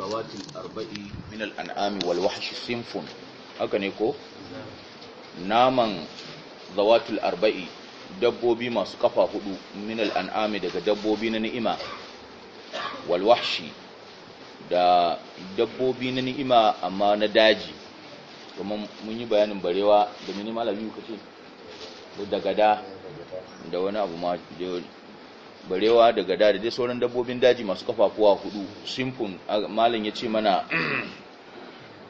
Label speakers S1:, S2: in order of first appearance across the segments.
S1: zawatil arba'i min al'an'ami walwahshi sinfun haka ne ko naman zawatul arba'i dabbobi masu kafa hudu min al'an'ami daga dabbobi na ni'ima walwahshi da dabbobi na ni'ima amma na daji kuma mun yi bayanin barewa da minimal abu kace da da wani abu ma barewa da gada da dai sauran dabbobin daji masu kafafuwa hudu simfun malam ya ce mana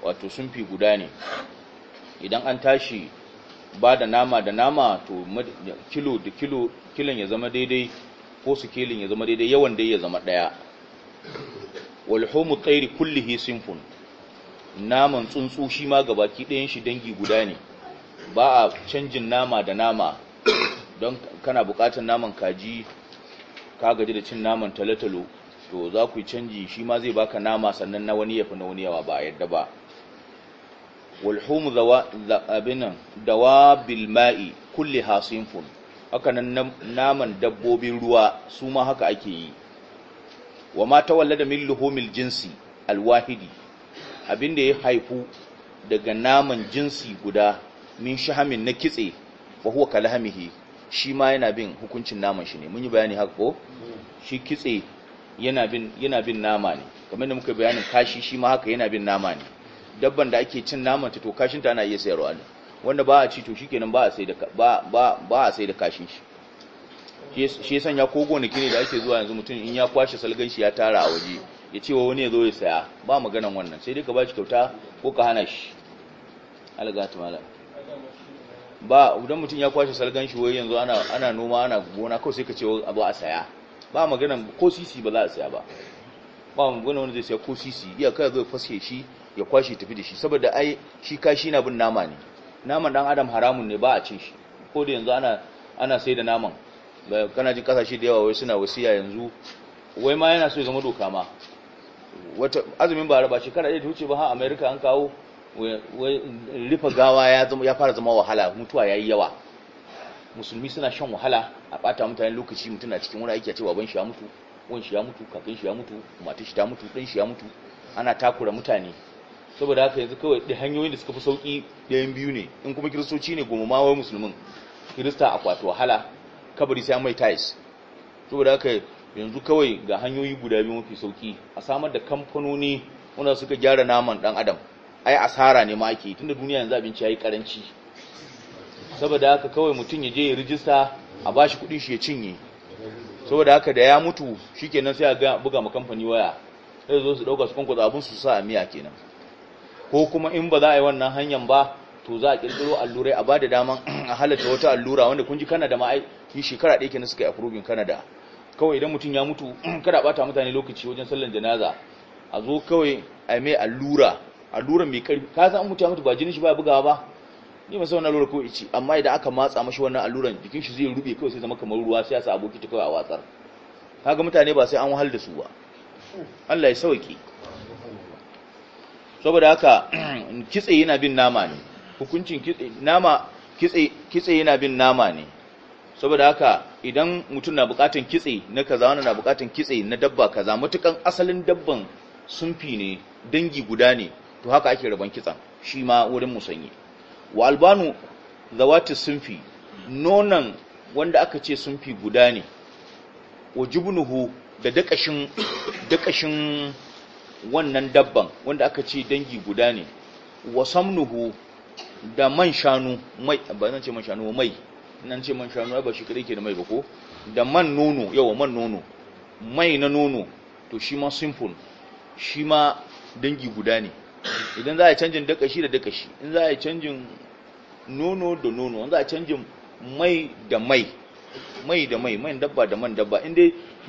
S1: wato sumfi guda ne idan an tashi ba da nama da nama to kilo da kilo kilon ya zama daidai ko su kilin ya zama daidai yawan dai ya zama daya walhumu tsairi kullihi simfun naman tsuntsu shi ma gabaki ɗayan shi dangi guda ne ba a canjin nama da nama don kana buƙatar naman kaji ka gaji da cin naman talotalo to za ku yi canji shi ma zai baka nama sannan na wani yafi na wani yawa ba yadda ba walhumu abinan dawa bilma'i kulli hasinfun haka nan naman dabbobin ruwa su ma haka ake yi wa ma tawallada min luhumil jinsi alwahidi da ya haifu daga naman jinsi guda min shahamin na kitse fa huwa kalahamihi shi ma yana bin hukuncin naman shi ne mun yi bayani haka ko shi kitse yana bin yana bin nama ne kamar da muka bayanin kashi shi ma haka yana bin nama ne dabban da ake cin naman ta to kashin ta ana iya sayarwa ne wanda ba a ci to shikenan ba a sai da ba a sai da kashin shi shi ya sanya ko gonaki ne da ake zuwa yanzu mutum in ya kwashe salgan shi ya tara a waje ya ce wa wani ya zo ya saya ba maganan wannan sai dai ka ba shi kyauta ko ka hana shi algatu malam ba idan mutum ya kwashe salgan shi wai yanzu ana ana noma ana gona kawai sai ka ce abu a saya ba magana ko sisi ba za a saya ba ba magana wanda zai saya ko sisi iya kai zai faske shi ya kwashe tafi da shi saboda ai shi kashi na bin nama ne naman dan adam haramun ne ba a ci shi ko da yanzu ana ana sai da naman kana jin kasashe da yawa wai suna wasiya yanzu wai ma yana so ya zama doka ma wata azumin ba raba shekara ɗaya da wuce ba ha america an kawo rufe gawa ya fara zama wahala mutuwa ya yi yawa musulmi suna shan wahala a bata mutane lokaci mutum na cikin wani aiki a ce shi ya mutu wani shi ya mutu kakin shi ya mutu mata shi ta mutu ɗan shi ya mutu ana takura mutane saboda haka yanzu kawai da hanyoyin da suka fi sauki ɗayan biyu ne in kuma kiristoci ne goma mawai musulmin kirista akwato wahala kabari sai mai tais saboda haka yanzu kawai ga hanyoyi guda biyu mafi sauki a samar da kamfanoni wanda suka gyara naman dan adam ai asara ne ma ake tunda duniya yanzu abinci yayi karanci saboda haka kawai mutum ya je ya rijista a bashi kuɗin shi ya cinye saboda haka da ya mutu shikenan sai a ga buga ma kamfani waya sai zo su dauka su da abun su sa a miya kenan ko kuma in ba za a yi wannan hanyar ba to za a kirkiro allurai a bada daman a halatta wata allura wanda kun ji Canada ma ai shekara ɗaya kenan suka yi approving Canada kawai idan mutum ya mutu kada bata mutane lokaci wajen sallan janaza a zo kawai a mai allura A allura mai karfi ka san mutum ya mutu ba jinin shi ba bugawa ba ni ba sauna lura ko ici amma idan aka matsa mashi wannan alluran jikin shi zai rube kawai sai zama kamar ruwa sai ya sa aboki ta kawai a watsar kaga mutane ba sai an wahal da su ba Allah ya sauke saboda haka kitse yana bin nama ne hukuncin kitse nama kitse kitse yana bin nama ne saboda haka idan mutum na bukatun kitse na kaza wani na bukatun kitse na dabba kaza matukan asalin dabban sunfi ne dangi guda ne to haka ake rabon kitsan shi ma wurin musanyi wa albanu zawati sunfi nonan wanda aka ce sunfi guda ne wa nuhu da dakashin wannan dabban wanda aka ce dangi guda ne wa samnuhu da man shanu mai ba zan ce man shanu mai nan ce man shanu ba shi kadai ke da mai ba ko da man nono yawa man nono mai na nono to shi ma simple shi ma dangi guda ne idan za a yi canjin dakashi da dakashi in za a yi canjin nono da nono in za a canjin mai da mai mai da mai mai dabba da man dabba inda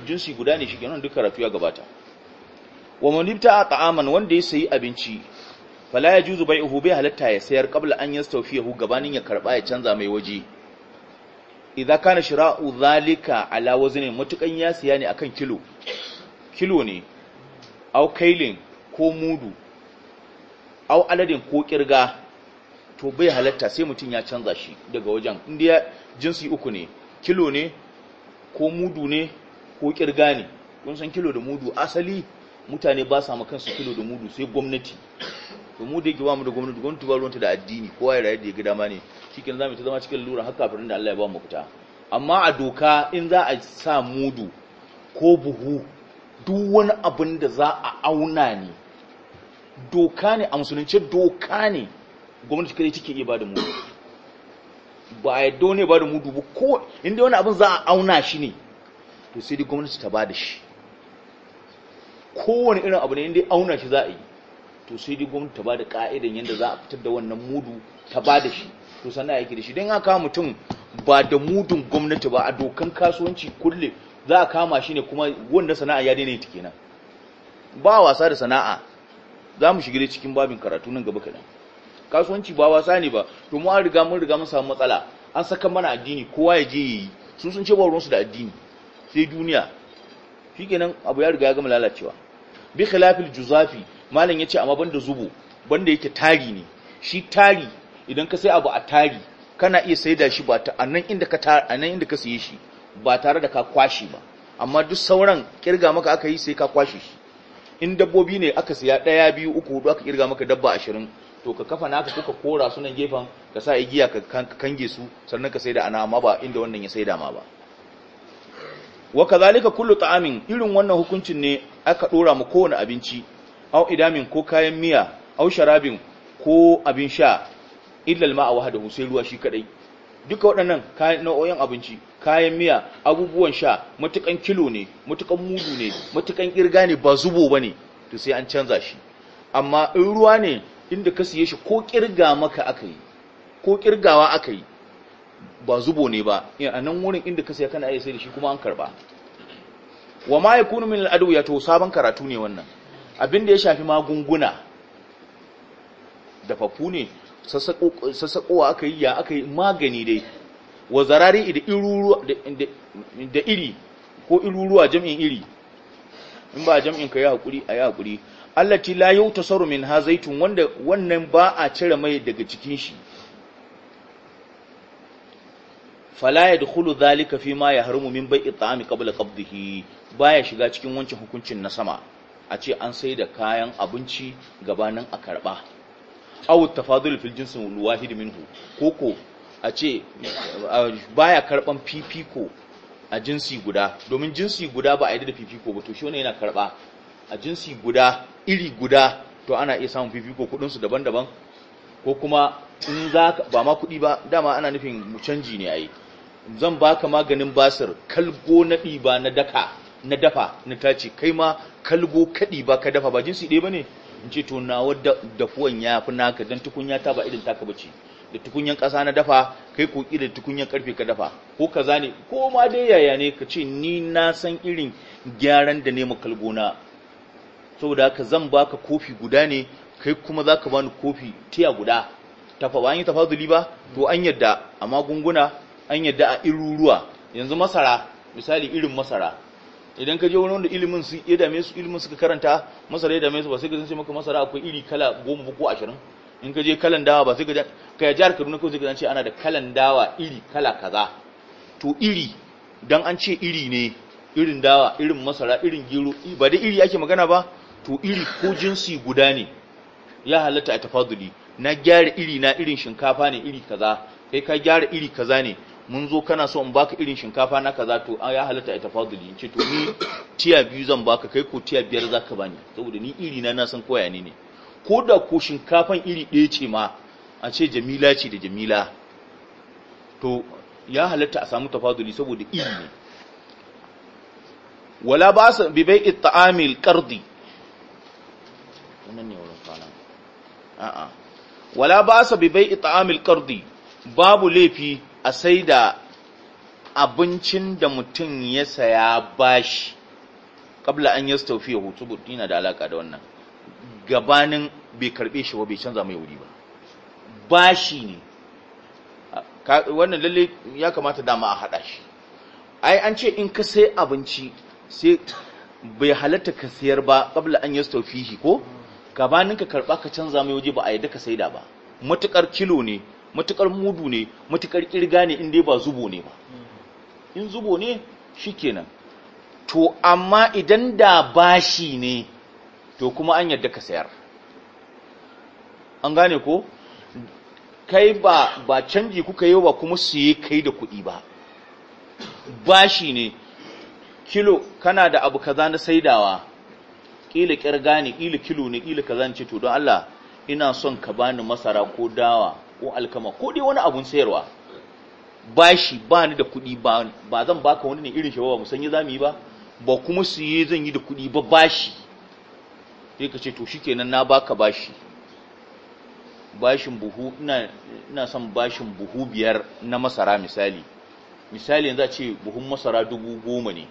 S1: jinsi guda ne shi ke nan duka rafiya gabata wa manibta a ta'aman wanda ya sayi abinci fala ya juzu bai uhu bai halatta ya sayar kabla an yahu, gabanin ya karba ya canza mai waje idza kana shira'u zalika ala wazni mutukan ya siya ne akan kilo kilo ne au kailin ko mudu au aladin ko kirga to bai halatta sai mutum ya canza shi daga wajen inda jinsi uku ne kilo ne ko mudu ne ko kirga ne kun san kilo da mudu asali mutane ba sa kansu kilo da mudu sai gwamnati to mu da yake mu da gwamnati gwamnati ba ruwanta da addini ko ya rayu da ya ga dama ne cikin zamu ta zama cikin lura har kafirin da Allah ya ba mu fita amma a doka in za a sa mudu ko buhu duk wani abin da za a auna ne doka ne a musulunci doka ne gwamnati kare take iya bada mudu ba a yadda wani ba da mudu ba ko inda wani abin za a auna shi ne to sai dai gwamnati ta bada shi kowane irin abu ne inda auna shi za a yi to sai dai gwamnati ta bada ka'idan yadda za a fitar da wannan mudu ta bada shi to sannan yake da shi don haka mutum ba da mudun gwamnati ba a dokan kasuwanci kulle za a kama shi ne kuma wanda sana'a ya daina ta kenan ba wasa da sana'a za mu shigire cikin babin karatu nan gaba kaɗan kasuwanci ba wasa ne ba to mu an riga mun riga mun samu matsala an saka mana addini kowa ya je yi su sun ce ba ruwansu da addini sai duniya shikenan abu ya riga ya gama lalacewa bi khilafil juzafi malam ya ce amma banda zubo banda yake tari ne shi tari idan ka sai abu a tari kana iya da shi ba ta anan inda ka ta anan inda ka siye shi ba tare da ka kwashi ba amma duk sauran kirga maka aka yi sai ka kwashe shi in dabbobi ne aka siya ɗaya biyu uku hudu aka kirga maka dabba ashirin to ka kafa naka kuka kora su nan gefen ka sa igiya ka kange su sannan ka saida ana amma ba inda wannan ya saida ma ba wa kazalika kullu ta'amin irin wannan hukuncin ne aka dora mu kowane abinci au idamin ko kayan miya au sharabin ko abin sha illa al-ma'a wahdahu sai ruwa shi kadai duka waɗannan kayan nau'o'in abinci kayan miya abubuwan sha matukan kilo ne matukan mudu ne matukan kirga ne ba zubo bane to sai an canza shi amma in ruwa ne inda ka siye shi ko kirga maka aka yi ko kirgawa aka yi ba zubo ne ba eh, a nan wurin inda ka siya kana iya sai da shi kuma an karba wa ma yakunu min al ya to sabon karatu ne wannan abin da ya shafi magunguna dafaffu ne sassaƙowa aka yi ya aka yi magani dai wa zarari da iruru da iri ko iruruwa jam'in iri in ba jami'in ka yi hakuri a yi hakuri allati la yutasaru min ha zaitun wanda wannan ba a cire mai daga cikin shi fala yadkhulu zalika fi ma yahrumu min bai'i ta'ami qabla qabdihi baya shiga cikin wancan hukuncin na sama a ce an sai da kayan abinci gabanin a karba aw tafadul fil jinsi wahid minhu koko a ce baya karban fifiko a jinsi guda domin jinsi guda ba a yi da fifiko ba to shi wannan yana karba a jinsi guda iri guda to ana iya samun fifiko kudinsu daban-daban ko kuma in za ba ma kudi ba dama ana nufin canji ne a yi zan baka maganin basir kalgo na ɗiba na daka na dafa na tace kai ma kalgo kaɗi ba ka dafa ba jinsi ɗaya ba ne in ce to nawa dafuwan ya fi naka don tukunya ta ba irin taka bace da tukunyan ƙasa na dafa kai koki da tukunyan ƙarfe ka dafa ko ka zane ko ma dai yaya ne ka ce ni na san irin gyaran da nema kalgona saboda haka zan baka kofi guda ne kai kuma za zaka bani kofi tiya guda tafa ba an yi tafazuli ba to an yadda a magunguna an yadda a iruruwa yanzu masara misali irin masara idan ka je wani wanda ilimin su ya dame su ilimin suka karanta masara ya dame su ba sai ka san maka masara akwai iri kala goma ko ashirin in ka je kalan dawa ba sai ka ka ya jihar Kaduna ko sai ka ce ana da kalan dawa iri kala kaza to iri dan an ce iri ne irin dawa irin masara irin gero ba da iri ake magana ba to iri ko jinsi guda ne ya halatta a tafaduli na gyara iri na irin shinkafa ne iri kaza kai ka gyara iri kaza ne mun zo kana so in baka irin shinkafa na kaza to ya halatta a tafaduli in ce to ni tiya biyu zan baka kai ko tiya biyar zaka bani saboda ni iri na na san koya ne ne ko da ko shinkafan iri ɗaya ce ma a ce jamila ce da jamila to ya halatta a samu tafaduli saboda iri ne wala ba su bibai ita'amil ƙardi wannan ne wurin kwana a'a wala ba su bibai ita'amil ƙardi babu laifi a sai da abincin da mutum ya saya bashi kabla an staufi ya hutu da alaƙa da wannan gabanin bai karbe shi ba bai canza mai wuri ba bashi ne wannan lalle ya kamata dama a haɗa shi ai an ce in ka sai abinci sai bai halatta ka sayar ba kabla an staufihi ko gabanin ka karba ka canza mai waje ba a yadda ka sai da ba matukar kilo ne matukar mudu ne matukar kirga ne in dai ba zubo ne ba in zubo ne shikenan to amma idan da bashi ne to kuma an yadda ka sayar an gane ko kai ba ba canji kuka yi ba kuma siye kai da kuɗi ba bashi ne kilo kana da abu kaza na saidawa kila kirga ne kila kilo ne kila kaza ne ce to don Allah ina son ka bani masara ko dawa ko alkama ko dai wani abun sayarwa bashi ba ni da kuɗi ba zan baka wani ne irin shi ba mu san za mu yi ba ba kuma siye zan yi da kuɗi ba bashi sai ka ce to shikenan na baka bashi bashin buhu ina ina son bashin buhu biyar na masara misali misali yanzu a ce buhun masara dubu goma ne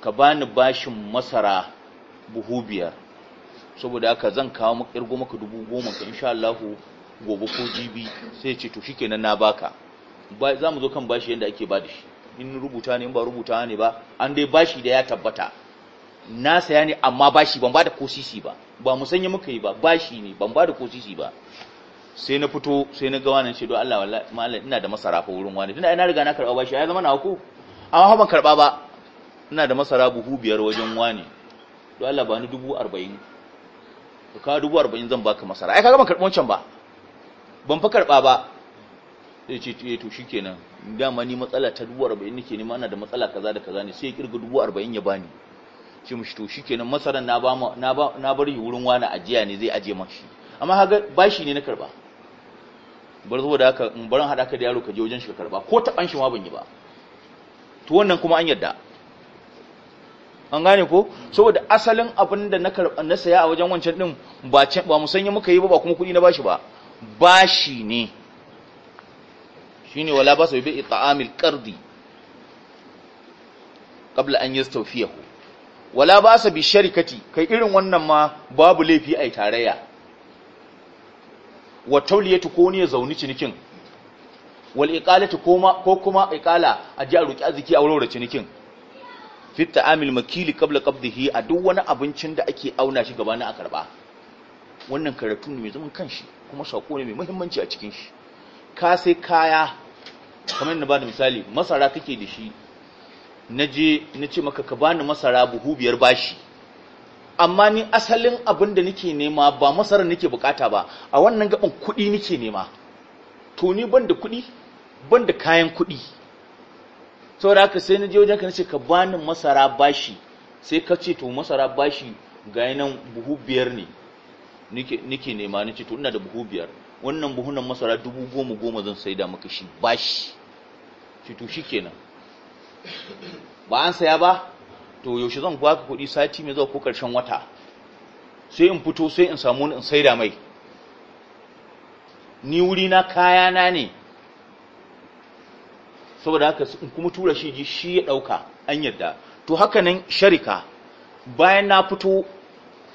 S1: ka bani bashin masara buhu biyar saboda haka zan kawo maka irgo maka dubu goma ka insha Allah gobe ko jibi sai ce to shikenan na baka za mu zo kan bashi yadda ake ba da shi in rubuta ne in ba rubuta ne ba an dai bashi da ya tabbata na saya ne amma bashi ban bada ko sisi ba ba mu sanya muka yi ba bashi ne ban bada ko sisi ba sai na fito sai na ga wannan ce don Allah wallahi mallam ina da masara fa wurin wani tunda ina riga na karba bashi ya zama na hako? amma ban karba ba ina da masara buhu biyar wajen wani don Allah ba ni dubu arba'in ka dubu arba'in zan baka masara ai kaga ban karɓi wancan ba ban fa karɓa ba zai ce eh to shikenan dama ni matsala ta dubu arba'in nake nema ana da matsala kaza da kaza ne sai ya kirga dubu arba'in ya bani ce mishi to shikenan masaran na ba na bar yi wurin wani ajiya ne zai aje mashi amma haga bashi ne na karba bar zuwa da haka in barin haɗa ka da yaro ka je wajen shi ka karba ko taɓan shi ma ban yi ba to wannan kuma an yarda an gane ko saboda asalin abin da na karba na saya a wajen wancan din ba ba sanya muka yi ba ba kuma kuɗi na bashi ba bashi ne shine wala ba su bi ta'amil qardi qabla an yastawfiyahu wala ba sa bi sharikati kai irin wannan ma babu laifi ai tarayya wa tauliyatu ko ne zauni cinikin wal iqalatu ko kuma iqala a ji a roki arziki a wurin cinikin fit ta'amil makili qabla qabdihi a duk wani abincin da ake auna shi gabanin a karba wannan karatu ne mai zaman kanshi kuma sako ne mai muhimmanci a cikin shi ka sai kaya kamar yadda ba da misali masara kake da shi na je na ce maka ka bani masara buhu biyar bashi amma ni asalin abin da nake nema ba masara nake bukata ba a wannan gaban kuɗi nake nema to ni ban da kuɗi ban da kayan kuɗi saboda haka sai na je wajen ka nace ka bani masara bashi sai ka ce to masara bashi ga nan buhu biyar ne nake nema na ce to ina da buhu biyar wannan buhunan masara dubu goma goma zan saida maka shi bashi shi to kenan. ba an saya ba to yaushe zan ka kuɗi sati mai zuwa ko karshen wata sai in fito sai in samu in saida mai ni wuri na kayana ne saboda haka in kuma tura shi ji shi ya ɗauka an yarda to haka nan sharika bayan na fito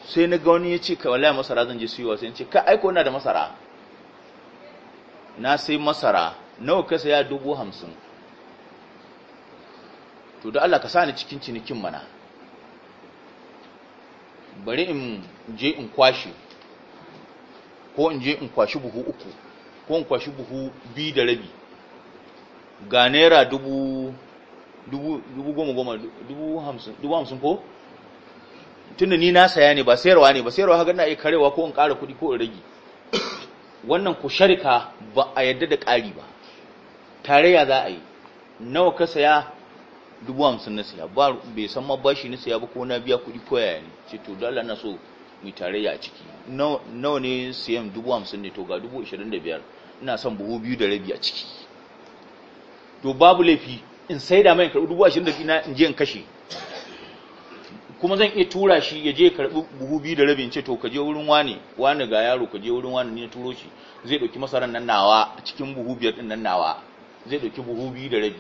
S1: sai na ga wani ya ce kawai wallahi masara zan je siyowa sai ce ka aiko na da masara na sai masara nawa ka saya dubu hamsin to da Allah ka sani cikin cinikin mana bari in je in kwashi ko in je in kwashi buhu uku ko in kwashi buhu biyu da rabi ga naira dubu dubu goma goma dubu hamsin dubu hamsin ko tunda ni na saya ne ba sayarwa ne ba sayarwa haka na iya karewa ko in ƙara kuɗi ko in rage wannan ku sharika ba a yadda da ƙari ba tare ya za a yi nawa ka saya dubu hamsin na siya ba bai san ma bashi na siya ba ko na biya kuɗi ko yaya ne ce to dala na so mu tarayya a ciki nawa ne siyan dubu hamsin ne to ga dubu ashirin da biyar ina son buhu biyu da rabi a ciki to babu laifi in sai da mai karɓi dubu ashirin da biyu in je in kashe kuma zan iya tura shi ya je karɓi buhu biyu da rabi in ce to ka je wurin wani wani ga yaro ka je wurin wani ne turo shi zai ɗauki masarar nan nawa a cikin buhu biyar ɗin nan nawa zai ɗauki buhu biyu da rabi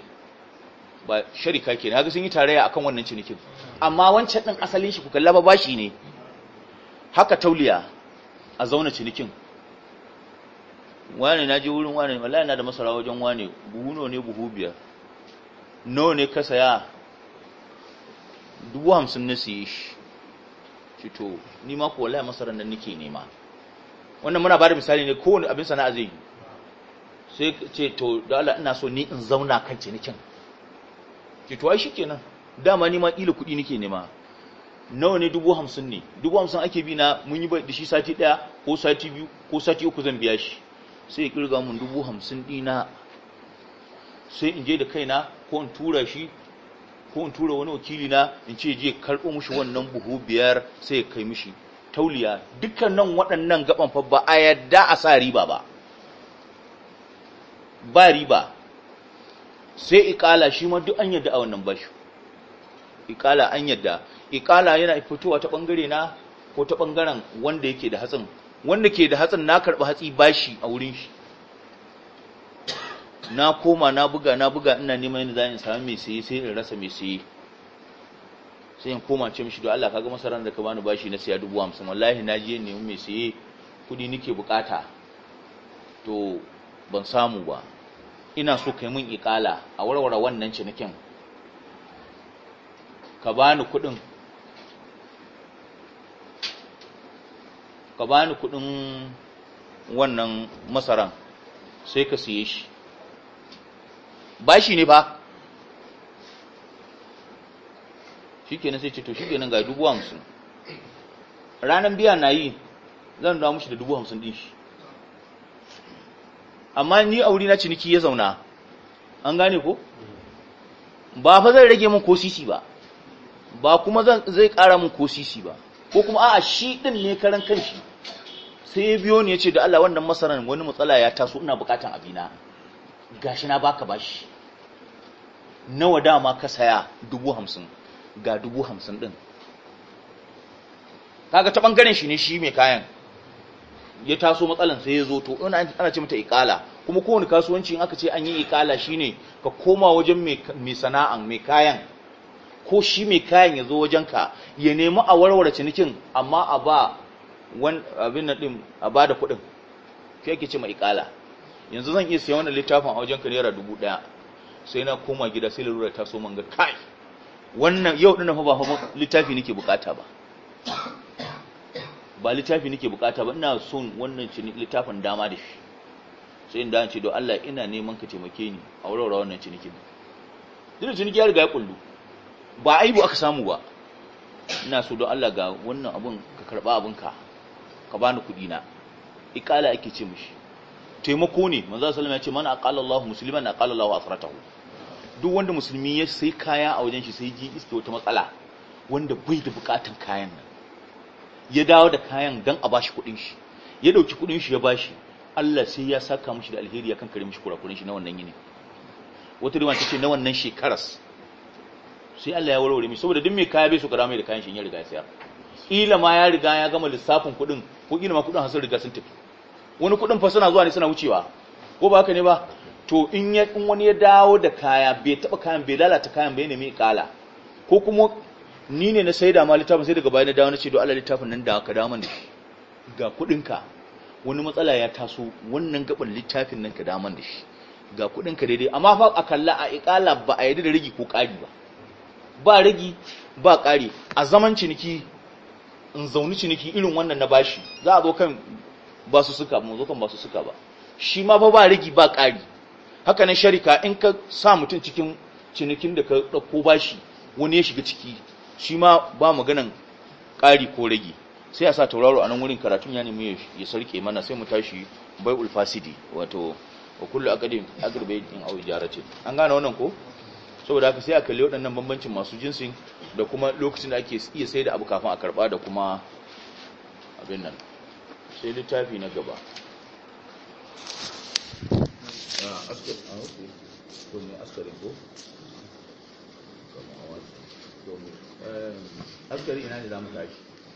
S1: ba sharika ke na ga sun yi tarayya akan wannan cinikin amma wancan ɗin asalin shi ku kalla ba bashi ne haka tauliya a zauna cinikin wane na je wurin wane wallahi na da masara wajen wane buhuno ne buhu biyar nawa ne ka saya dubu hamsin na siye shi fito ni ma ko wallahi masarar nan nake nema wannan muna bada misali ne kowane abin sana'a zai yi sai ce to da Allah ina so ni in zauna kan cinikin ce to ai shikenan dama ni ma kila kuɗi nake nema nawa ne dubu hamsin ne dubu hamsin ake bi na mun yi da shi sati ɗaya ko sati biyu ko sati uku zan biya shi sai ya kirga mun dubu hamsin dina sai in je da kaina ko in tura shi ko in tura wani wakili na in ce je karɓo mushi wannan buhu biyar sai ya kai mushi tauliya dukkanin waɗannan gaban fa ba a yadda a sa riba ba ba riba sai ikala shi ma duk an yadda a wannan bashi ikala an yadda ikala yana fitowa ta bangare na ko ta bangaren wanda yake da hatsin wanda ke da hatsin na karɓi hatsi bashi a wurin shi na koma na buga na buga ina neman yadda za in sami mai saye sai in rasa mai saye sai in koma ce mishi don Allah kaga masarar da ka bani bashi na siya dubu hamsin wallahi na je nemi mai saye kudi nake bukata to ban samu ba ina so kai mun iƙala a warware wannan cinikin ka bani kuɗin ka bani kuɗin wannan masaran sai ka siye shi bashi ne ba shikenan sai ce to shikenan ga dubu hamsin ranar biya na yi zan dawo mushi da dubu hamsin din shi amma ni a wuri na ciniki ya zauna an gane ko ba fa zai rage min kosisi ba ba kuma zai kara min kosisi ba ko kuma a'a shi din ne karan kanshi sai ya biyo ni ya ce da Allah wannan masaran wani matsala ya taso ina bukatan abina gashi na baka bashi nawa dama ka saya dubu hamsin ga dubu hamsin din kaga ta bangaren shi ne shi mai kayan ya taso matsalan sai ya zo to ina ana ce mata ikala kuma kowane kasuwanci in aka ce an yi iqala shine ka koma wajen mai sana'an mai kayan ko shi mai kayan ya zo wajen ka ya nemi a warware cinikin amma a ba wan abin nan din a ba da kuɗin sai yake ce mai iqala yanzu zan iya sayan wannan littafin a wajen ka naira dubu ɗaya sai na koma gida sai lalura taso man kai wannan yau ɗin fa ba littafi nake bukata ba ba littafi nake bukata ba ina son wannan littafin dama da shi sai in da ce don Allah ina neman ka taimake ni a wurin wannan cinikin duk ciniki ya riga ya kullu ba aibu aka samu ba ina so don Allah ga wannan abun ka karba abun ka ka bani kudi na iqala ake ce mishi taimako ne manzo sallallahu ya ce man aqala Allahu musliman aqala Allahu asratahu duk wanda musulmi ya sai kaya a wajen shi sai ji iske wata matsala wanda bai da bukatun kayan nan ya dawo da kayan don a bashi kuɗin shi ya dauki kuɗin shi ya bashi Allah sai ya saka mishi da alheri ya kan kare mishi kurakurin shi na wannan yini wata ta ce na wannan shekaras sai Allah ya warware mishi saboda duk mai kaya bai so kada mai da kayan shi ya riga ya saya kila ma ya riga ya gama lissafin kuɗin ko kila ma kuɗin hasar riga sun tafi wani kuɗin fa suna zuwa ne suna wucewa ko ba haka ne ba to in wani ya dawo da kaya bai taba kayan bai lalata kayan bai nemi kala ko kuma ni ne na sai da ma littafin sai daga baya na dawo na ce don Allah littafin nan da ka da shi. ga kuɗinka wani matsala ya taso wannan gaban littafin nan ka dawo da shi ga kuɗinka daidai amma fa a kalla a ikala ba a yadda da rigi ko ƙari ba ba rigi ba ƙari a zaman ciniki in zauni ciniki irin wannan na bashi za a zo kan ba su suka mu zo kan ba su suka ba shi ma fa ba rigi ba ƙari haka nan sharika in ka sa mutum cikin cinikin da ka ɗauko bashi wani ya shiga ciki shi ma ba maganan ƙari ko rage sai a sa tauraro a nan wurin karatun ya nemi ya sarke mana sai mu tashi bai ulfasidi wato wa kullu aqdim in aw jarace an gane wannan ko saboda haka sai a kalli waɗannan bambancin masu jinsin da kuma lokacin da ake iya sai da abu kafin a karba da kuma abin nan sai littafi na gaba ah, ah, Eh, askari ina ne za mu tashi